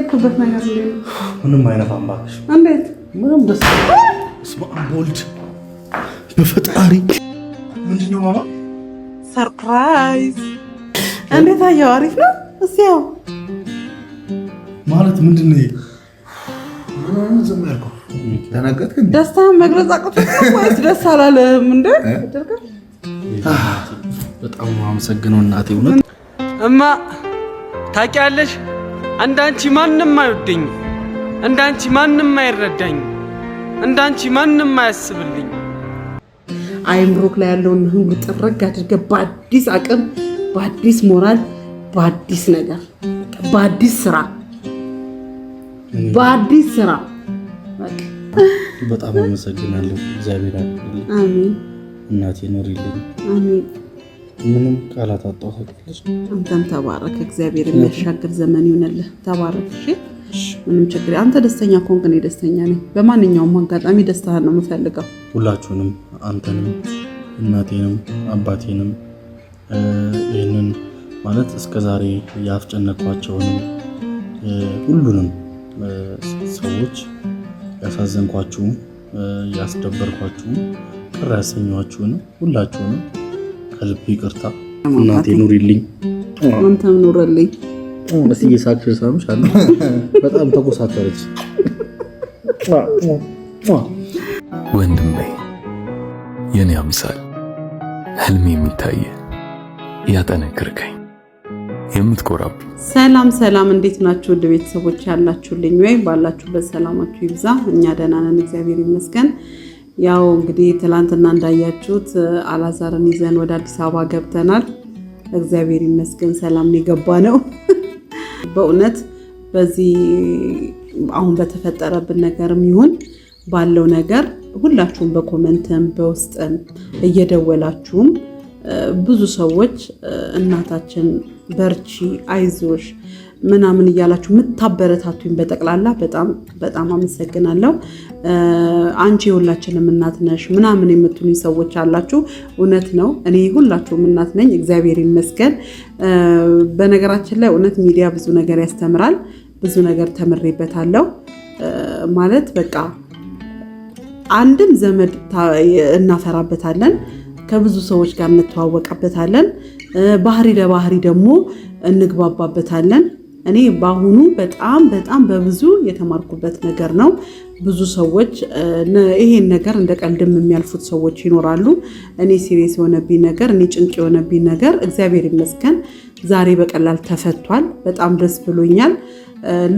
የሄድኩበት ነገር ምንም አይነፋም። እባክሽ እንዴት ምንም ደስ እስማ ቦልድ በፈጣሪ ምንድነው? ማማ ሰርፕራይዝ እንዴት አየው? አሪፍ ነው። ያው ማለት ምንድነው? ዝም ያልከው ተናገርክ እንዴ? ደስታህን መግለጽ አቅቶህ ወይስ ደስ አላለህም እንደ በጣም አመሰግነው እናቴ። እውነት እማ ታውቂያለሽ እንዳንቺ ማንም አይወድኝ! እንዳንቺ ማንም አይረዳኝ እንዳንቺ ማንም አያስብልኝ። አይምሮክ ላይ ያለውን ሁሉ ጥረግ አድርገ በአዲስ አቅም፣ በአዲስ ሞራል፣ በአዲስ ነገር፣ በአዲስ ስራ፣ በአዲስ ስራ። በጣም አመሰግናለሁ። እግዚአብሔር አሜን። እናቴ ኖሪልኝ። አሜን ምንም ቃላት አጣሁ። አንተም ተባረክ፣ እግዚአብሔር የሚያሻግር ዘመን ይሆንልህ። ተባረክ። ምንም ችግር አንተ ደስተኛ ከሆንክ እኔ ደስተኛ ነኝ። በማንኛውም አጋጣሚ ደስታህን ነው የምፈልገው። ሁላችሁንም አንተንም፣ እናቴንም፣ አባቴንም ይህንን ማለት እስከዛሬ ያፍጨነኳቸውንም ሁሉንም ሰዎች ያሳዘንኳችሁም፣ ያስደበርኳችሁም፣ ቅር ያሰኘኋችሁንም ሁላችሁንም ከልብ ይቅርታ እናቴ ኑሪልኝ፣ አንተም ኑረልኝ። እስ እየሳቅሽ ሳምሽ አለ። በጣም ተጎሳተረች። ወንድሜ የኔ አምሳል ህልሜ የሚታየ ያጠነክርከኝ የምትኮራብ ሰላም ሰላም፣ እንዴት ናችሁ? ውድ ቤተሰቦች ያላችሁልኝ ወይ ባላችሁበት ሰላማችሁ ይብዛ። እኛ ደህና ነን፣ እግዚአብሔር ይመስገን። ያው እንግዲህ ትላንትና እንዳያችሁት አላዛርን ይዘን ወደ አዲስ አበባ ገብተናል። እግዚአብሔር ይመስገን ሰላም የገባ ነው። በእውነት በዚህ አሁን በተፈጠረብን ነገርም ይሁን ባለው ነገር ሁላችሁም በኮመንትም በውስጥም እየደወላችሁም ብዙ ሰዎች እናታችን በርቺ፣ አይዞሽ ምናምን እያላችሁ የምታበረታቱኝ በጠቅላላ በጣም በጣም አመሰግናለሁ። አንቺ የሁላችንም እናት ነሽ ምናምን የምትሉኝ ሰዎች አላችሁ። እውነት ነው፣ እኔ ሁላችሁም እናት ነኝ፣ እግዚአብሔር ይመስገን። በነገራችን ላይ እውነት ሚዲያ ብዙ ነገር ያስተምራል፣ ብዙ ነገር ተምሬበታለሁ። ማለት በቃ አንድም ዘመድ እናፈራበታለን፣ ከብዙ ሰዎች ጋር እንተዋወቀበታለን፣ ባህሪ ለባህሪ ደግሞ እንግባባበታለን። እኔ በአሁኑ በጣም በጣም በብዙ የተማርኩበት ነገር ነው። ብዙ ሰዎች ይሄን ነገር እንደ ቀልድም የሚያልፉት ሰዎች ይኖራሉ። እኔ ሲሬስ የሆነብኝ ነገር፣ እኔ ጭንቅ የሆነብኝ ነገር እግዚአብሔር ይመስገን ዛሬ በቀላል ተፈቷል። በጣም ደስ ብሎኛል።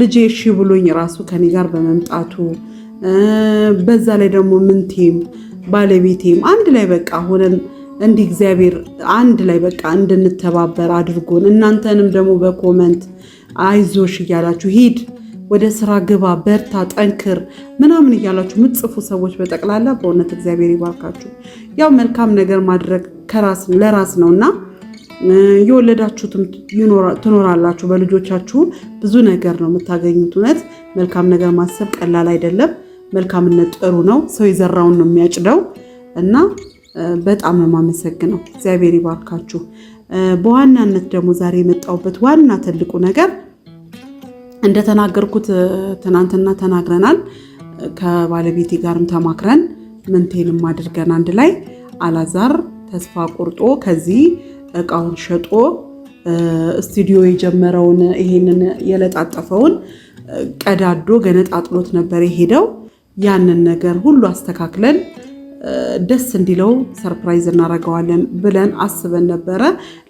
ልጄ እሺ ብሎኝ ራሱ ከኔ ጋር በመምጣቱ በዛ ላይ ደግሞ ምንቴም ባለቤቴም አንድ ላይ በቃ ሆነን እንዲህ እግዚአብሔር አንድ ላይ በቃ እንድንተባበር አድርጎን እናንተንም ደግሞ በኮመንት አይዞሽ እያላችሁ ሂድ፣ ወደ ስራ ግባ፣ በርታ፣ ጠንክር ምናምን እያላችሁ የምትጽፉ ሰዎች በጠቅላላ በእውነት እግዚአብሔር ይባርካችሁ። ያው መልካም ነገር ማድረግ ከራስ ለራስ ነው እና የወለዳችሁትም ትኖራላችሁ። በልጆቻችሁ ብዙ ነገር ነው የምታገኙት። እውነት መልካም ነገር ማሰብ ቀላል አይደለም። መልካምነት ጥሩ ነው። ሰው የዘራውን ነው የሚያጭደው እና በጣም ነው የማመሰግነው። እግዚአብሔር ይባርካችሁ። በዋናነት ደግሞ ዛሬ የመጣውበት ዋና ትልቁ ነገር እንደተናገርኩት ትናንትና ተናግረናል። ከባለቤቴ ጋርም ተማክረን ምንቴንም አድርገን አንድ ላይ አላዛር ተስፋ ቆርጦ ከዚህ እቃውን ሸጦ ስቱዲዮ የጀመረውን ይሄንን የለጣጠፈውን ቀዳዶ ገነጣጥሎት ነበር የሄደው። ያንን ነገር ሁሉ አስተካክለን ደስ እንዲለው ሰርፕራይዝ እናደርገዋለን ብለን አስበን ነበረ።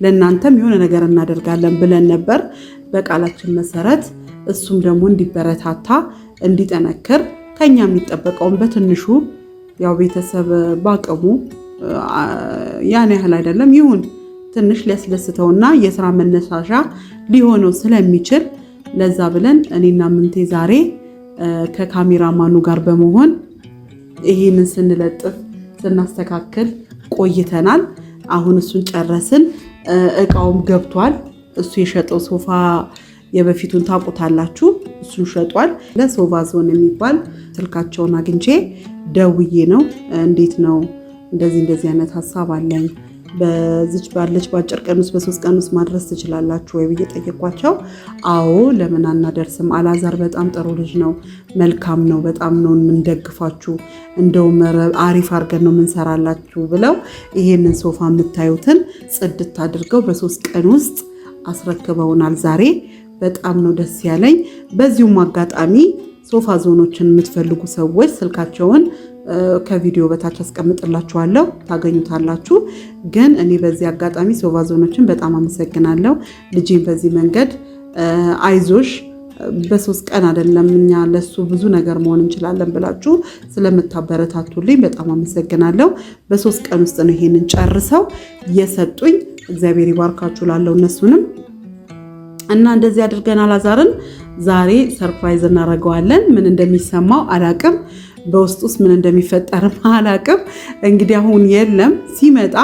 ለእናንተም የሆነ ነገር እናደርጋለን ብለን ነበር በቃላችን መሰረት። እሱም ደግሞ እንዲበረታታ እንዲጠነክር ከኛ የሚጠበቀውን በትንሹ ያው ቤተሰብ ባቅሙ ያን ያህል አይደለም ይሁን ትንሽ ሊያስደስተውና የስራ መነሳሻ ሊሆነው ስለሚችል ለዛ ብለን እኔና ምንቴ ዛሬ ከካሜራማኑ ጋር በመሆን ይህንን ስንለጥፍ ስናስተካክል ቆይተናል። አሁን እሱን ጨረስን። እቃውም ገብቷል። እሱ የሸጠው ሶፋ የበፊቱን ታውቁታላችሁ። እሱን ሸጧል። ለሶፋ ዞን የሚባል ስልካቸውን አግኝቼ ደውዬ ነው እንዴት ነው እንደዚህ እንደዚህ አይነት ሀሳብ አለኝ በዚች ባለች በአጭር ቀን ውስጥ በሶስት ቀን ውስጥ ማድረስ ትችላላችሁ ወይ ብዬ ጠየኳቸው። አዎ ለምን አናደርስም? አላዛር በጣም ጥሩ ልጅ ነው፣ መልካም ነው፣ በጣም ነው የምንደግፋችሁ፣ እንደውም አሪፍ አድርገን ነው የምንሰራላችሁ ብለው ይሄንን ሶፋ የምታዩትን ጽድት አድርገው በሶስት ቀን ውስጥ አስረክበውናል። ዛሬ በጣም ነው ደስ ያለኝ። በዚሁም አጋጣሚ ሶፋ ዞኖችን የምትፈልጉ ሰዎች ስልካቸውን ከቪዲዮ በታች አስቀምጥላችኋለሁ፣ ታገኙታላችሁ። ግን እኔ በዚህ አጋጣሚ ሶቫዞኖችን በጣም አመሰግናለሁ። ልጄን በዚህ መንገድ አይዞሽ በሶስት ቀን አይደለም እኛ ለሱ ብዙ ነገር መሆን እንችላለን ብላችሁ ስለምታበረታቱልኝ በጣም አመሰግናለሁ። በሶስት ቀን ውስጥ ነው ይሄንን ጨርሰው የሰጡኝ። እግዚአብሔር ይባርካችሁ ላለው እነሱንም እና እንደዚህ አድርገን አላዛርን ዛሬ ሰርፕራይዝ እናደርገዋለን። ምን እንደሚሰማው አላቅም። በውስጥ ውስጥ ምን እንደሚፈጠር አላቅም። እንግዲህ አሁን የለም፣ ሲመጣ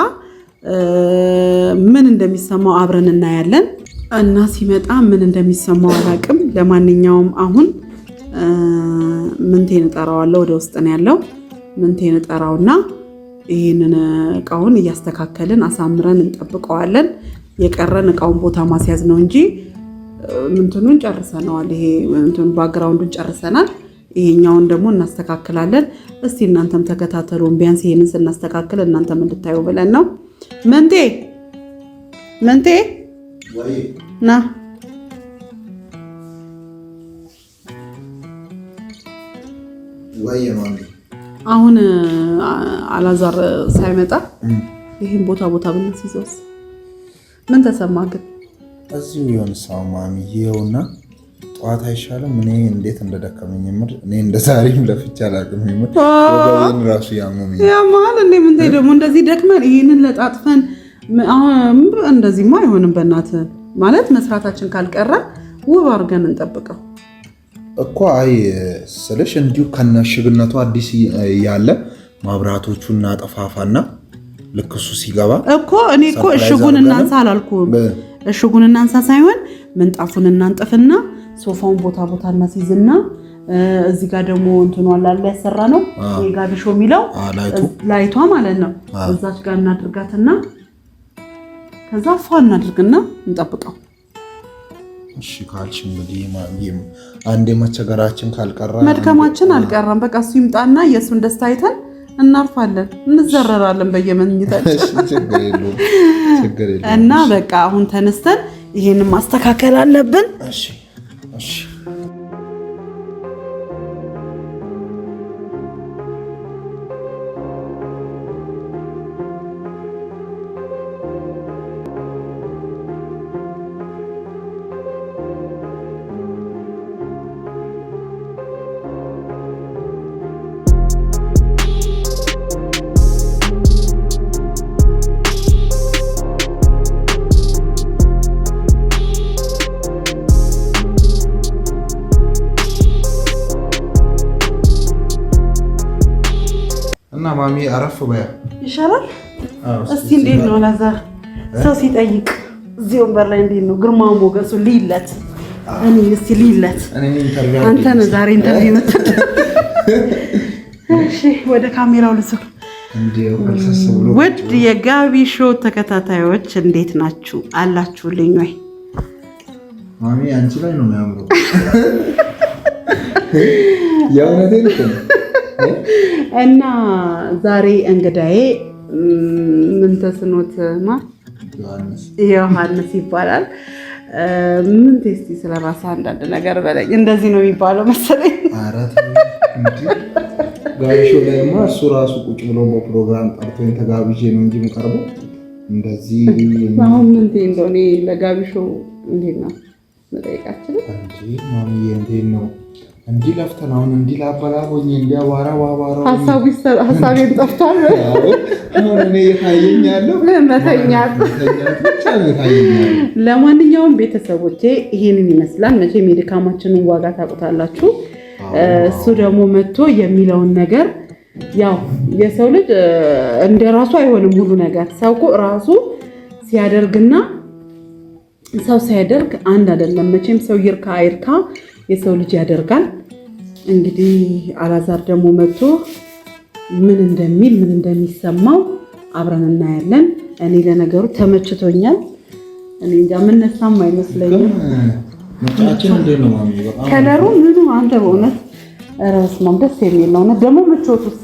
ምን እንደሚሰማው አብረን እናያለን እና ሲመጣ ምን እንደሚሰማው አላቅም። ለማንኛውም አሁን ምንቴን እጠራዋለሁ። ወደ ውስጥ ነው ያለው። ምንቴን እጠራውና ይህንን እቃውን እያስተካከልን አሳምረን እንጠብቀዋለን። የቀረን እቃውን ቦታ ማስያዝ ነው እንጂ ምንትኑን ጨርሰነዋል። ይሄ ባግራውንዱን ጨርሰናል። ይሄኛውን ደግሞ እናስተካክላለን። እስቲ እናንተም ተከታተሉን። ቢያንስ ይሄንን ስናስተካክል እናንተም እንድታዩ ብለን ነው። መንቴ መንቴ ና አሁን አላዛር ሳይመጣ ይህን ቦታ ቦታ ብንስይዘውስ ምን ተሰማ ግን? እዚሁ የሆነ ሰው ማሚዬውና ጠዋት አይሻልም? እኔ እንዴት እንደደከመኝ የምር እኔ እንደ ዛሬም ለፍቼ አላውቅም። የምር ወገቤን ራሱ ያመመኝ ያማል። እኔ ምን ደግሞ እንደዚህ ደክመን ይህንን ለጣጥፈን እንደዚህማ አይሆንም። በእናት ማለት መስራታችን ካልቀረ ውብ አድርገን እንጠብቀው እኮ። አይ ስልሽ እንዲሁ ከነሽግነቱ አዲስ እያለ ማብራቶቹ እናጠፋፋና ልክ እሱ ሲገባ እኮ እኔ እኮ እሽጉን እናንሳ አላልኩም። እሽጉን እናንሳ ሳይሆን ምንጣፉን እናንጥፍና ሶፋውን ቦታ ቦታ እና እዚህ ጋር ደግሞ እንትኑ አላለ ያሰራ ነው ጋቢሾ የሚለው ላይቷ ማለት ነው። እዛች ጋር እናድርጋትና ከዛ ፏ እናድርግና እንጠብቀው። እሺ ካልሽ እንግዲህ አንዴ መቸገራችን ካልቀረ መድከማችን አልቀረም። በቃ እሱ ይምጣና የእሱን ደስታ አይተን እናርፋለን፣ እንዘረራለን በየመኝታችን እና በቃ አሁን ተነስተን ይሄንን ማስተካከል አለብን። Oh, ነው አላዛር ሰው ሲጠይቅ እዚህ ወንበር ላይ እንዴት ነው ግርማው ሞገሱ ልይለት እኔ እስቲ ልይለት አንተን ዛሬ ኢንተርቪው የምትል እሺ ወደ ካሜራው ልስብ ውድ የጋቢ ሾው ተከታታዮች እንዴት ናችሁ አላችሁልኝ ወይ ማሚ አንቺ ላይ ነው የሚያምሩ የእውነቴን እና ዛሬ እንግዳዬ ምንተስኖት ተስኖት ማ ዮሐንስ ይባላል። ምን ቴስቲ ስለራሳ አንዳንድ ነገር በለኝ። እንደዚህ ነው የሚባለው መሰለኝ። ጋሾ ላይማ እሱ ራሱ ቁጭ ብሎ በፕሮግራም ጠርቶኝ ተጋብዤ ነው እንጂ የምቀርበው እንደዚህ አሁን ምንቴ እንደሆነ ለጋቢሾ እንዴት ነው መጠየቃችን ነው እንዲህ ለፍተን አሁን እንዲህ ላበላቦኝ እንዲያዋራ ዋዋራ ጠፍቷል። ለማንኛውም ቤተሰቦቼ ይሄንን ይመስላል። መቼም የድካማችንን ዋጋ ታውቁታላችሁ። እሱ ደግሞ መጥቶ የሚለውን ነገር ያው የሰው ልጅ እንደ ራሱ አይሆንም ሁሉ ነገር ሰው እኮ ራሱ ሲያደርግና ሰው ሲያደርግ አንድ አይደለም። መቼም ሰው ይርካ አይርካ የሰው ልጅ ያደርጋል። እንግዲህ አላዛር ደግሞ መጥቶ ምን እንደሚል ምን እንደሚሰማው አብረን እናያለን። እኔ ለነገሩ ተመችቶኛል። እኔ እንጃ የምነሳም አይመስለኝም። ከለሩ ምኑ አንተ በእውነት ራስ ደስ የሚል ነው። እውነት ደግሞ ምቾቱስ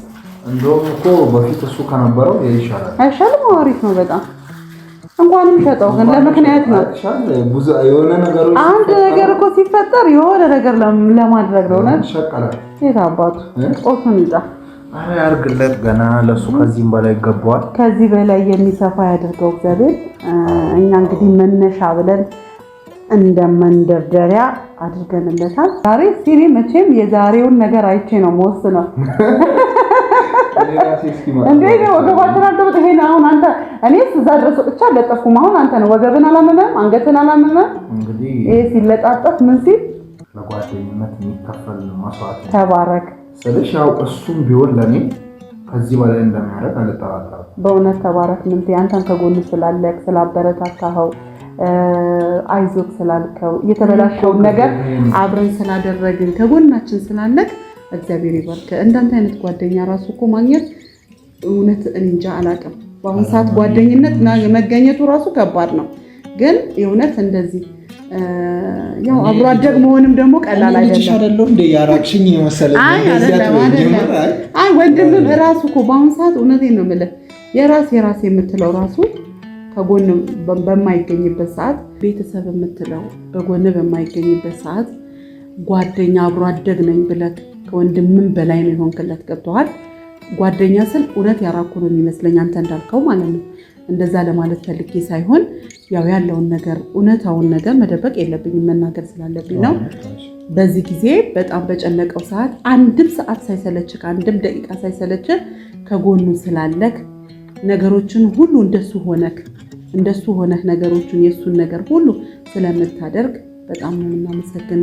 እንደውም እኮ በፊት እሱ ከነበረው ይሻላል። አይሻልም? አሪፍ ነው በጣም እንኳን ሸጠው ግን ለምክንያት ነው። አንድ ነገር እኮ ሲፈጠር የሆነ ነገር ለማድረግ ነው። የት አባቱ ቆቱን ይጣ ያርግለት። ገና ለሱ ከዚህም በላይ ይገባዋል። ከዚህ በላይ የሚሰፋ ያደርገው እግዚአብሔር። እኛ እንግዲህ መነሻ ብለን እንደ መንደርደሪያ አድርገንለታል። ዛሬ ሲኒ መቼም የዛሬውን ነገር አይቼ ነው መወስነው እንዴ ነው ወገባችን አልተበጥ ይሄን አሁን አንተ እኔስ እዛ ድረስ ወጥቼ አልለጠፍኩም። አሁን አንተ ነው ወገብን አላመመም፣ አንገትን አላመመም። ይሄ ሲለጣጠፍ ምን ሲል ለጓደኝነት የሚከፈል መስዋዕት ተባረክ ስልሽ ያው እሱም ቢሆን ለእኔ ከዚህ በላይ እንደሚያደርግ አልጠራጠርም። በእውነት ተባረክ። ምን አንተን ከጎን ስላለህ ስላበረታታኸው አይዞክ ስላልከው የተበላሸውን ነገር አብረን ስላደረግን ከጎናችን ስላለህ እግዚአብሔር ይባርክ። እንዳንተ አይነት ጓደኛ ራሱ እኮ ማግኘት እውነት እንጃ አላውቅም። በአሁኑ ሰዓት ጓደኝነት መገኘቱ ራሱ ከባድ ነው፣ ግን የእውነት እንደዚህ ያው አብሮ አደግ መሆንም ደግሞ ቀላል አይደለም። ያራቅሽኝ መሰለ ወንድምም ራሱ እኮ በአሁኑ ሰዓት እውነቴ ነው የምልህ የራስ የራስ የምትለው ራሱ ከጎን በማይገኝበት ሰዓት ቤተሰብ የምትለው በጎን በማይገኝበት ሰዓት ጓደኛ አብሮ አደግ ነኝ ብለህ ከወንድምም በላይ ነው የሆንክለት። ገብተዋል። ጓደኛ ስል እውነት ያራኩ ነው የሚመስለኝ አንተ እንዳልከው ማለት ነው። እንደዛ ለማለት ፈልጌ ሳይሆን ያው ያለውን ነገር እውነታውን ነገር መደበቅ የለብኝም መናገር ስላለብኝ ነው። በዚህ ጊዜ በጣም በጨነቀው ሰዓት አንድም ሰዓት ሳይሰለች አንድም ደቂቃ ሳይሰለች ከጎኑ ስላለክ ነገሮችን ሁሉ እንደሱ ሆነክ እንደሱ ሆነህ ነገሮችን የእሱን ነገር ሁሉ ስለምታደርግ በጣም ነው የምናመሰግነ።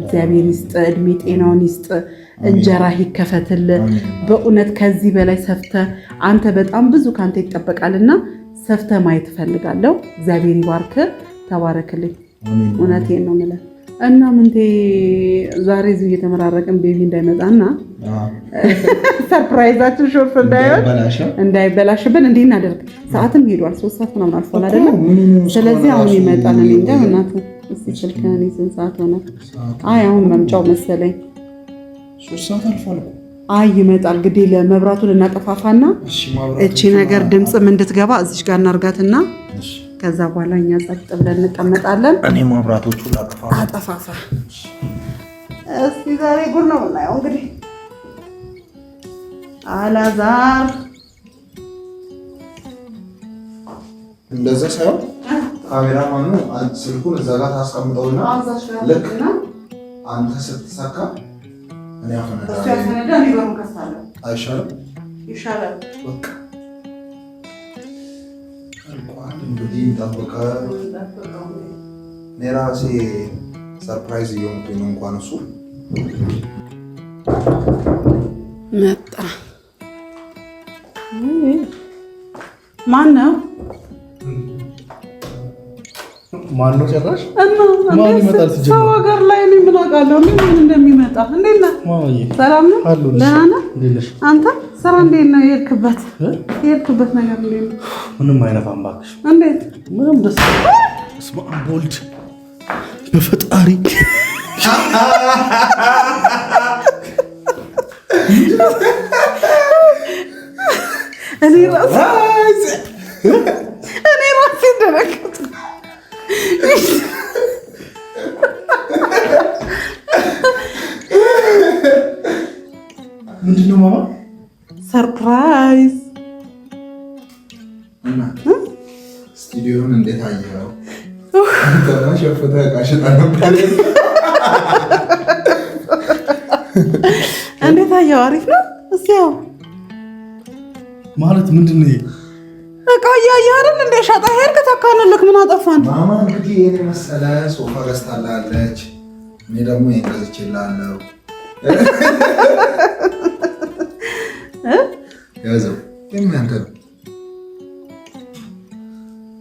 እግዚአብሔር ይስጥ፣ እድሜ ጤናውን ይስጥ። እንጀራ ይከፈትል። በእውነት ከዚህ በላይ ሰፍተ አንተ በጣም ብዙ ከአንተ ይጠበቃልና ሰፍተ ማየት እፈልጋለሁ። እግዚአብሔር ይባርክ፣ ተባረክልኝ። እውነቴን ነው የምልህ እና ምንቴ ዛሬ እዚህ እየተመራረቅን ቤቢ እንዳይመጣና ሰርፕራይዛችን ሾርፍ እንዳይሆን እንዳይበላሽብን እንዲህ እናደርግ። ሰዓትም ሄዷል፣ ሶስት ሰዓት ምናምን አልፏል አይደለም። ስለዚህ አሁን ይመጣል። እኔ እንጃ እናቱ፣ እስኪ ስልክህን ስንት ሰዓት ሆነ? አይ አሁን መምጫው መሰለኝ ሶስት ሰዓት አልፏል አይ ይመጣል። ግዴ ለመብራቱን እናጠፋፋና እቺ ነገር ድምፅም እንድትገባ እዚች ጋር እናርጋትና ከዛ በኋላ እኛ ጸጥ ብለን እንቀመጣለን። እኔ መብራቶቹ አጠፋፋ። እስቲ ዛሬ ጉድ ነው የምናየው። እንግዲህ አላዛር እንደዛ ሳይሆን ካሜራማኑ ስልኩን እዛ ጋር ታስቀምጠውና ልክ አንተ ስትሳካ እኔ ያፈነዳ አይሻልም? ይሻላል። በቃ እንግዲህ ጠበቀ። እኔ ራሴ ሰርፕራይዝ እየሆንኩኝ ነው። እንኳን እሱ መጣ። ማን ነው? ማን ነው ሰው ሀገር ላይ እኔ ምን አውቃለሁ ምን እንደሚመጣ። እንዴት ነህ? ሰላም ነህ? ደህና ነህ? አንተ ስራ እንዴት ነው የሄድክበት? የሄድክበት ነገር እንዴት ነው? ምንም አይነፋም እባክሽ። እንዴት ምንም ደስ እስማ ቦልድ በፈጣሪ እኔ ራሴ እኔ ራሴ ደረግ ምንድነው ማማ? ሰርፕራይዝ ስቱዲዮን እንዴት አየኸው? እንዴት አየኸው? አሪፍ ነው። እስኪ ያው ማለት ምንድን ነው እቃ እያየርን እንደ ሄድክ ተካንልክ። ምን አጠፋን? ማማ እንግዲህ ይህን የመሰለ ሶፋ ገዝታላለች። እኔ ደግሞ ይህን ገዝቼላለሁ። ያዘው የሚያንተ ነው።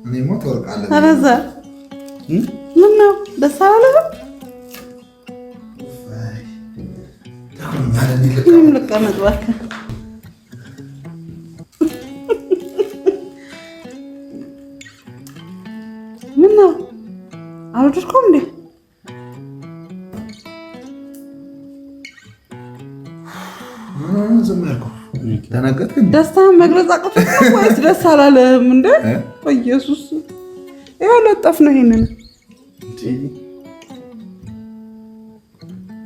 እኔማ ትወርቃለህ። አረዛ ምን ነው ደስ አላለህም? ልቀመጥ እባክህ አልወደድኩም እንዴ? ዝም ያልኩህ ደነገጥክ? ደስታህን መግለጽ አቅቶህ ወይስ ደስ አላለህም? እንደ በኢየሱስ ይኸው ለጠፍ ነው። ይሄንን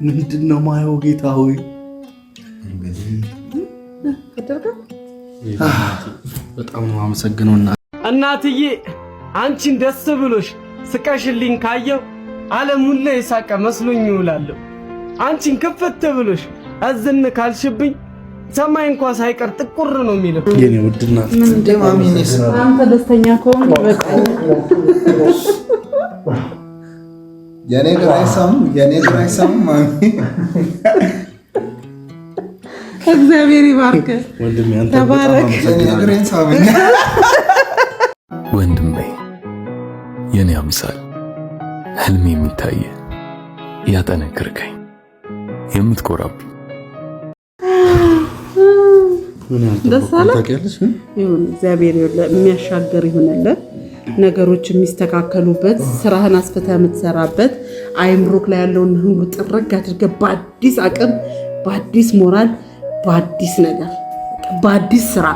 ምንድን ነው ማየው? ጌታ ሆይ በጣም ነው አመሰግነውና እናትዬ አንቺን ደስ ብሎሽ ስቀሽልኝ ካየው ዓለም ሁሉ የሳቀ መስሎኝ ይውላለሁ። አንቺን ክፍት ብሎሽ አዝን ካልሽብኝ ሰማይ እንኳ ሳይቀር ጥቁር ነው የሚለው። የኔ ውድና አንተ ደስተኛ ከሆነ በቃ የኔ ግራ አይሰማም፣ የኔ ግራ አይሰማም። ማሚ እግዚአብሔር ይባርክ፣ ተባረክ። ወንድሜ የኔ አምሳል ህልም የሚታየ ያጠነክርከኝ የምትኮራብኝ እግዚአብሔር የሚያሻገር ይሆነለን ነገሮች የሚስተካከሉበት ስራህን አስፈታ የምትሰራበት አይምሮክ ላይ ያለውን ሁሉ ጥረግ አድርገህ በአዲስ አቅም፣ በአዲስ ሞራል፣ በአዲስ ነገር፣ በአዲስ ስራ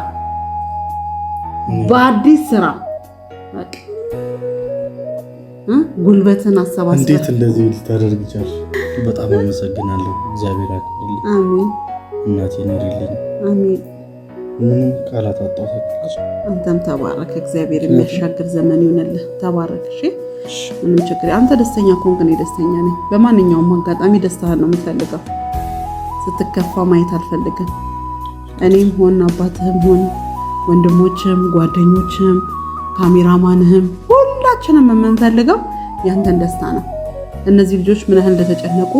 በአዲስ ስራ ጉልበትን አሰባስበ እንዴት እንደዚህ ልታደርግ ቻልሽ? በጣም አመሰግናለሁ። እግዚአብሔር ያክልልኝ። አሜን። እናቴ ኖሪልኝ። አሜን። ምንም ቃላት አጣሁ። አንተም ተባረክ። እግዚአብሔር የሚያሻግር ዘመን ይሆንልህ። ተባረክ። እሺ፣ ምንም ችግር አንተ ደስተኛ ከሆንክ እኔ ደስተኛ ነኝ። በማንኛውም አጋጣሚ ደስታህን ነው የምፈልገው። ስትከፋ ማየት አልፈልግም። እኔም ሆን አባትህም ሆን ወንድሞችም ጓደኞችም ካሜራማንህም ሁላችንም የምንፈልገው ያንተን ደስታ ነው። እነዚህ ልጆች ምን ያህል እንደተጨነቁ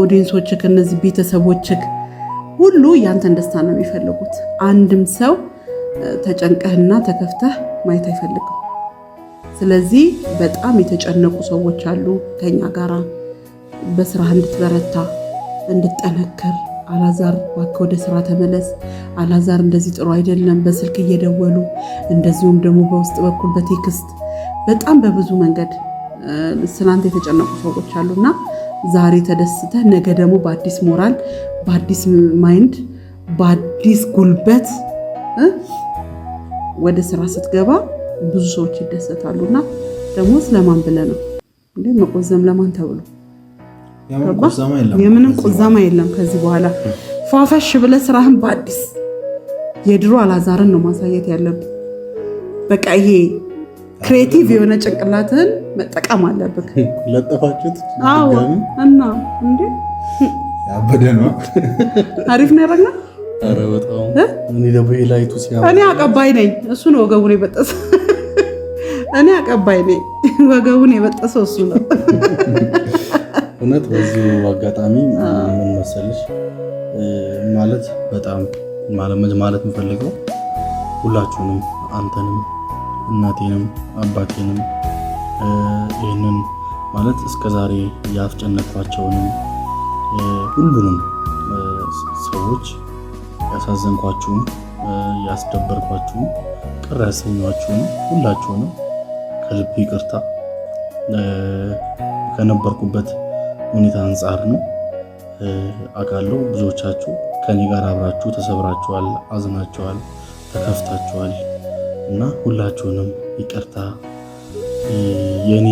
ኦዲየንሶችክ፣ እነዚህ ቤተሰቦችክ ሁሉ ያንተን ደስታ ነው የሚፈልጉት። አንድም ሰው ተጨንቀህና ተከፍተህ ማየት አይፈልግም። ስለዚህ በጣም የተጨነቁ ሰዎች አሉ ከኛ ጋራ በስራህ እንድትበረታ እንድጠነክር አላዛር እባክህ ወደ ስራ ተመለስ፣ አላዛር እንደዚህ ጥሩ አይደለም፣ በስልክ እየደወሉ እንደዚሁም ደግሞ በውስጥ በኩል በቴክስት በጣም በብዙ መንገድ ስላንተ የተጨነቁ ሰዎች አሉና ዛሬ ተደስተ ነገ ደግሞ በአዲስ ሞራል፣ በአዲስ ማይንድ፣ በአዲስ ጉልበት ወደ ስራ ስትገባ ብዙ ሰዎች ይደሰታሉና ደግሞ ስለማን ብለህ ነው እንዴ መቆዘም ለማን ተብሎ የምንም ቁዛማ የለም። ከዚህ በኋላ ፏፈሽ ብለህ ስራህን በአዲስ የድሮ አላዛርን ነው ማሳየት ያለብህ። በቃ ይሄ ክሬቲቭ የሆነ ጭንቅላትህን መጠቀም አለብህ። ለጠፋችሁት እና እንዴ ያበደ ነው። አሪፍ ነው ያደረግነው። እኔ አቀባይ ነኝ። እሱ ነው ወገቡን የበጠሰው። እኔ አቀባይ ነኝ። ወገቡን የበጠሰው እሱ ነው። እውነት በዚህ አጋጣሚ ምን መሰልሽ ማለት በጣም ማለት የምፈልገው ሁላችሁንም አንተንም እናቴንም አባቴንም ይህንን ማለት እስከ ዛሬ ያስጨነቅኳቸውንም ሁሉንም ሰዎች ያሳዘንኳችሁም ያስደበርኳችሁም ቅር ያሰኟችሁም ሁላችሁንም ከልብ ይቅርታ ከነበርኩበት ሁኔታ አንጻር ነው አውቃለሁ። ብዙዎቻችሁ ከኔ ጋር አብራችሁ ተሰብራችኋል፣ አዝናችኋል፣ ተከፍታችኋል እና ሁላችሁንም ይቅርታ። የእኔ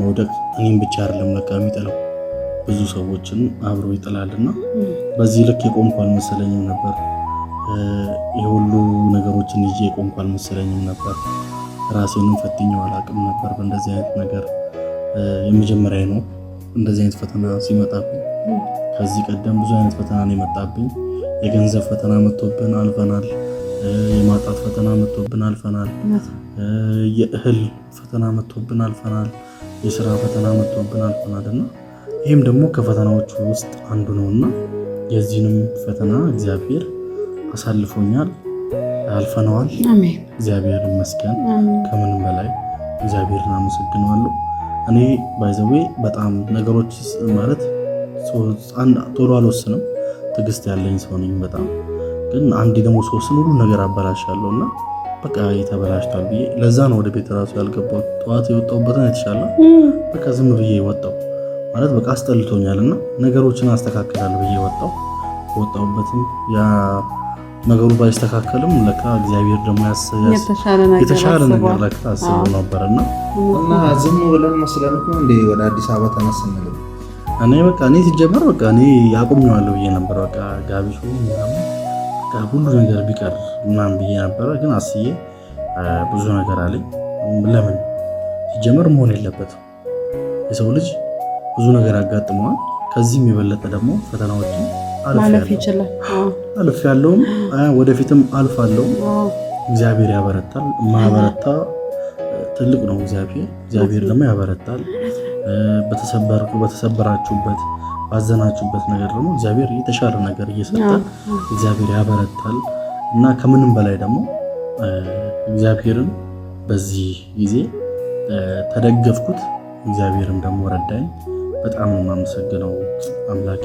መውደቅ እኔም ብቻ አይደለም ለካ የሚጥለው ብዙ ሰዎችን አብሮ ይጥላል እና በዚህ ልክ የቆምኩ አልመሰለኝም ነበር። የሁሉ ነገሮችን ይዤ የቆምኩ አልመሰለኝም ነበር። ራሴንም ፈትኜው አላውቅም ነበር በእንደዚህ አይነት ነገር የመጀመሪያ ነው። እንደዚህ አይነት ፈተና ሲመጣብኝ ከዚህ ቀደም ብዙ አይነት ፈተና ነው የመጣብኝ። የገንዘብ ፈተና መጥቶብን አልፈናል። የማጣት ፈተና መጥቶብን አልፈናል። የእህል ፈተና መጥቶብን አልፈናል። የስራ ፈተና መጥቶብን አልፈናል እና ይህም ደግሞ ከፈተናዎቹ ውስጥ አንዱ ነው እና የዚህንም ፈተና እግዚአብሔር አሳልፎኛል፣ አልፈነዋል። እግዚአብሔር ይመስገን። ከምንም በላይ እግዚአብሔርን አመሰግነዋለሁ። እኔ ባይዘዌ በጣም ነገሮች ማለት ቶሎ አልወስንም፣ ትዕግስት ያለኝ ሰው ነኝ በጣም ግን አንድ ደግሞ ሶስትን ሁሉ ነገር አበላሻለሁ እና በቃ ተበላሽቷል ብዬ ለዛ ነው ወደ ቤት ራሱ ያልገባሁት። ጠዋት የወጣሁበትን የተሻለ በቃ ዝም ብዬ ወጣሁ ማለት በቃ አስጠልቶኛል እና ነገሮችን አስተካክላለሁ ብዬ ወጣሁ። ከወጣሁበትም ነገሩ ባይስተካከልም ለካ እግዚአብሔር ደግሞ የተሻለ ነገር ለካ አስቦ ነበር እና እና ዝም ብለን መስለን እንደ ወደ አዲስ አበባ ተነስ እንግዲህ እኔ በቃ እኔ ሲጀመር በቃ እኔ አቁሜዋለሁ ብዬ ነበር። በቃ ጋቢ ሁሉ ነገር ቢቀር ምናምን ብዬ ነበረ። ግን አስዬ ብዙ ነገር አለኝ። ለምን ሲጀመር መሆን የለበትም የሰው ልጅ ብዙ ነገር ያጋጥመዋል። ከዚህም የበለጠ ደግሞ ፈተናዎችን ማለፍ ይችላል። አልፍ ያለውም ወደፊትም አልፍ አለው። እግዚአብሔር ያበረታል። ማበረታ ትልቅ ነው እግዚአብሔር። እግዚአብሔር ደግሞ ያበረታል። በተሰበርኩ በተሰበራችሁበት ባዘናችሁበት ነገር ደግሞ እግዚአብሔር የተሻለ ነገር እየሰጠ እግዚአብሔር ያበረታል እና ከምንም በላይ ደግሞ እግዚአብሔርን በዚህ ጊዜ ተደገፍኩት፣ እግዚአብሔርም ደግሞ ረዳኝ። በጣም ነው የማመሰግነው አምላኬ።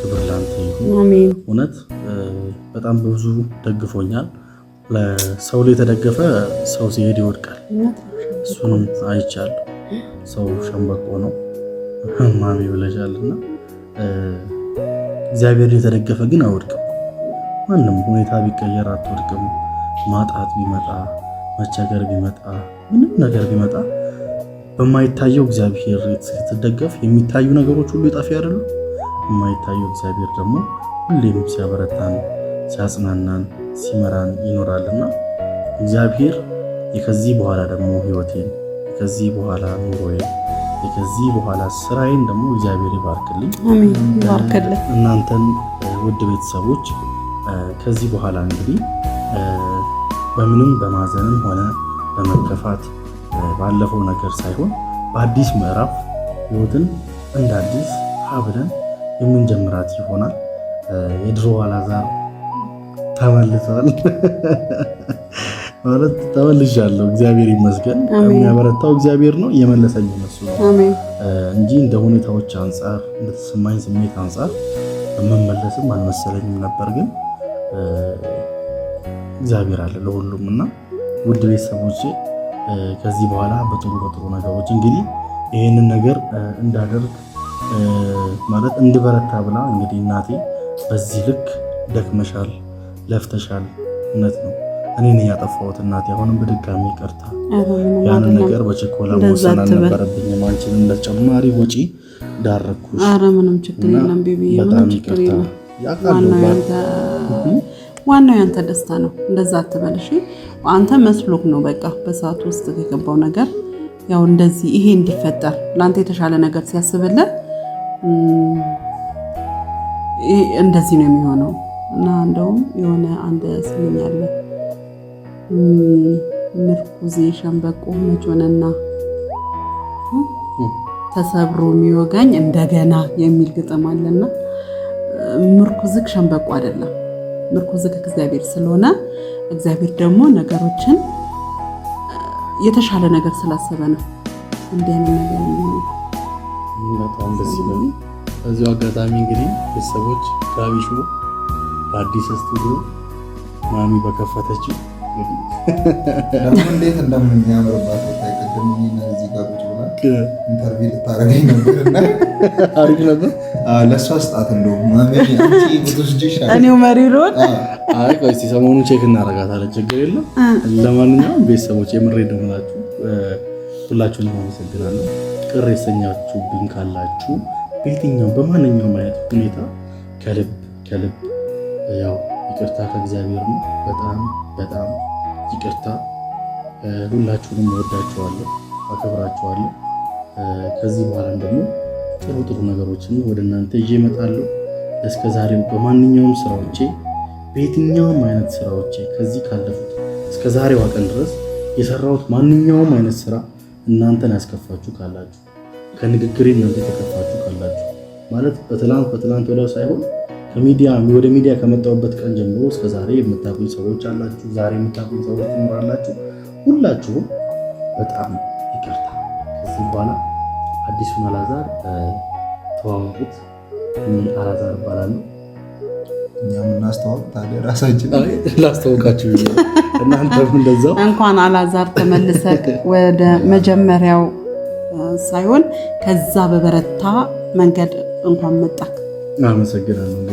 ክብር ላንተ ይሁን። እውነት በጣም ብዙ ደግፎኛል። ሰው ላይ የተደገፈ ሰው ሲሄድ ይወድቃል። እሱንም አይቻል ሰው ሸንበቆ ነው ማሚ ብለሻል እና እግዚአብሔር የተደገፈ ግን አይወድቅም። ማንም ሁኔታ ቢቀየር አትወድቅም። ማጣት ቢመጣ፣ መቸገር ቢመጣ፣ ምንም ነገር ቢመጣ በማይታየው እግዚአብሔር ስትደገፍ የሚታዩ ነገሮች ሁሉ ይጠፊ አይደሉ። የማይታየው እግዚአብሔር ደግሞ ሁሌም ሲያበረታ ነው። ሲያጽናናን ሲመራን ይኖራልና እግዚአብሔር የከዚህ በኋላ ደግሞ ህይወቴን የከዚህ በኋላ ኑሮዬን የከዚህ በኋላ ስራዬን ደግሞ እግዚአብሔር ይባርክልኝ። እናንተን ውድ ቤተሰቦች ከዚህ በኋላ እንግዲህ በምንም በማዘንም ሆነ በመከፋት ባለፈው ነገር ሳይሆን በአዲስ ምዕራፍ ህይወትን እንደ አዲስ ሀብለን የምንጀምራት ይሆናል። የድሮ አላዛር ተመልሰዋል ማለት ተመልሻለሁ። እግዚአብሔር ይመስገን። የሚያበረታው እግዚአብሔር ነው፣ የመለሰኝ እሱ እንጂ እንደ ሁኔታዎች አንጻር እንደተሰማኝ ስሜት አንጻር መመለስም አልመሰለኝም ነበር። ግን እግዚአብሔር አለ ለሁሉም እና ውድ ቤተሰቦች ከዚህ በኋላ በጥሩ በጥሩ ነገሮች እንግዲህ ይህንን ነገር እንዳደርግ ማለት እንድበረታ ብላ እንግዲህ እናቴ በዚህ ልክ ደክመሻል ለፍተሻል። እውነት ነው። እኔን ያጠፋሁት እናቴ፣ አሁንም በድጋሚ ይቅርታ። ያንን ነገር በችኮላ መወሰን አልነበረብኝም። አንቺንም ለተጨማሪ ወጪ ዳረኩሽ። ኧረ ምንም ችግር የለም ቤቢ፣ ምንም ችግር የለም። ዋናው ያንተ ደስታ ነው። እንደዛ አትበልሽ። አንተ መስሎክ ነው በቃ በሰዓቱ ውስጥ የገባው ነገር ያው እንደዚህ ይሄ እንዲፈጠር ለአንተ የተሻለ ነገር ሲያስብልን እንደዚህ ነው የሚሆነው። እና እንደውም የሆነ አንድ ስልኝ አለ ምርኩዜ ሸንበቆ መጆነና ተሰብሮ የሚወጋኝ እንደገና የሚል ግጥም አለና ምርኩዝክ ሸንበቆ አይደለም። ምርኩዝክ እግዚአብሔር ስለሆነ እግዚአብሔር ደግሞ ነገሮችን የተሻለ ነገር ስላሰበ ነው እንዲህ ነገር በጣም ደስ ይላል። በዚሁ አጋጣሚ እንግዲህ ቤተሰቦች ጋቢሹ በአዲስ ስቱዲዮ ማሚ በከፈተችው እንዴት እንደምንያምርባት ቅድም እዚህ ጋር ቁጭ ብላ ኢንተርቪው ልታደርገኝ ነበርና አሪፍ ነበር። ለእሷ ስጣት እንደውም እኔው መሪ ልሆን። አይ ቆይ እስኪ ሰሞኑን ቼክ እናደርጋታለን። ችግር የለም። ለማንኛውም ቤተሰቦች የምሬ ደምላችሁ ሁላችሁን አመሰግናለሁ። ቅር የተሰኛችሁብኝ ካላችሁ በየትኛውም በማንኛውም አይነት ሁኔታ ከልብ ከልብ ያው ይቅርታ ከእግዚአብሔር ነው። በጣም በጣም ይቅርታ። ሁላችሁንም እወዳችኋለሁ፣ አከብራችኋለሁ። ከዚህ በኋላም ደግሞ ጥሩ ጥሩ ነገሮችን ወደ እናንተ ይዤ እመጣለሁ። እስከ ዛሬው በማንኛውም ስራዎቼ፣ በየትኛውም አይነት ስራዎቼ ከዚህ ካለፉት እስከ ዛሬዋ ቀን ድረስ የሰራሁት ማንኛውም አይነት ስራ እናንተን ያስከፋችሁ ካላችሁ፣ ከንግግሬ እናንተ የተከፋችሁ ካላችሁ ማለት በትላንት በትላንት ወዲያው ሳይሆን ከሚዲያ ወደ ሚዲያ ከመጣሁበት ቀን ጀምሮ እስከ ዛሬ የምታቁኝ ሰዎች አላችሁ፣ ዛሬ የምታቁኝ ሰዎች ትኖራላችሁ። ሁላችሁም በጣም ይቅርታ። ከዚህ በኋላ አዲሱን አላዛር ተዋወቁት። እኔ አላዛር እባላለሁ። እኛም ታዲያ ራሳችን ላስተዋውቃችሁ እንደዛው። እንኳን አላዛር ተመልሰ ወደ መጀመሪያው ሳይሆን ከዛ በበረታ መንገድ እንኳን መጣ። አመሰግናለሁ።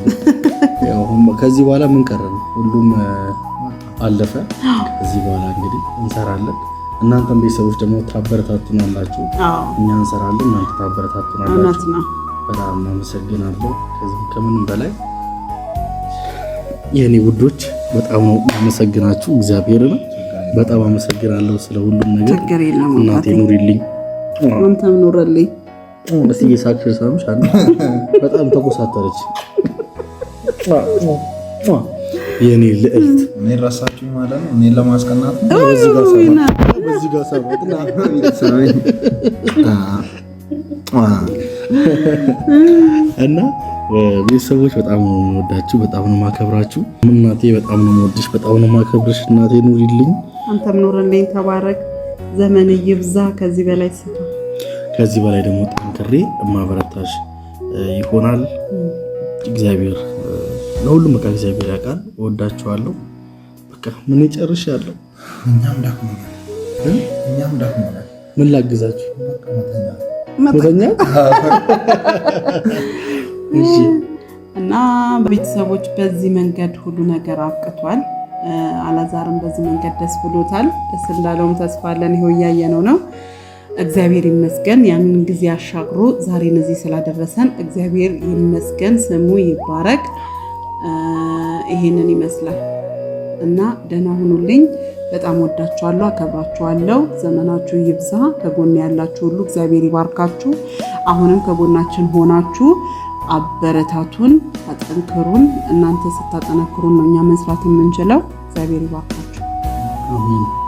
ከዚህ በኋላ ምን ቀረ ነው? ሁሉም አለፈ። ከዚህ በኋላ እንግዲህ እንሰራለን። እናንተም ቤተሰቦች ደግሞ ታበረታቱናላችሁ። እኛ እንሰራለን፣ እናንተ ታበረታቱናላችሁ። በጣም አመሰግናለሁ። ከዚህ ከምንም በላይ የእኔ ውዶች በጣም ነው አመሰግናችሁ። እግዚአብሔር ነው በጣም አመሰግናለሁ ስለ ሁሉም ነገር። እናቴ ኑሪልኝ፣ አንተም ኑረልኝ። እስ የሳቅሽ ሳምሽ በጣም ተኮሳተረች። የኔ ልዕልት እኔ ራሳችሁ ማለት ነው። እኔ ለማስቀናት እና ቤተሰቦች በጣም ነው የምወዳችሁ፣ በጣም ነው የማከብራችሁ። እናቴ በጣም ነው የምወድሽ፣ በጣም ነው የማከብርሽ። እናቴ ኑሪልኝ፣ አንተም ኑርልኝ፣ ተባረክ፣ ዘመን ይብዛ። ከዚህ በላይ ከዚህ በላይ ደግሞ ጠንክሬ ማበረታሽ ይሆናል እግዚአብሔር ለሁሉም በቃ እግዚአብሔር ያውቃል። እወዳችኋለሁ። በቃ ምን ጨርሽ ያለው እኛም ምን ላግዛችሁ? መተኛ እና ቤተሰቦች በዚህ መንገድ ሁሉ ነገር አብቅቷል። አላዛርም በዚህ መንገድ ደስ ብሎታል። ደስ እንዳለውም ተስፋ አለን። ይኸው እያየነው ነው። እግዚአብሔር ይመስገን ያንን ጊዜ አሻግሮ ዛሬን እዚህ ስላደረሰን እግዚአብሔር ይመስገን፣ ስሙ ይባረክ። ይሄንን ይመስላል እና ደህና ሁኑልኝ። በጣም ወዳችኋለሁ፣ አከብራችኋለሁ። ዘመናችሁ ይብዛ። ከጎን ያላችሁ ሁሉ እግዚአብሔር ይባርካችሁ። አሁንም ከጎናችን ሆናችሁ አበረታቱን፣ አጠንክሩን። እናንተ ስታጠነክሩን ነው እኛ መስራት የምንችለው። እግዚአብሔር ይባርካችሁ።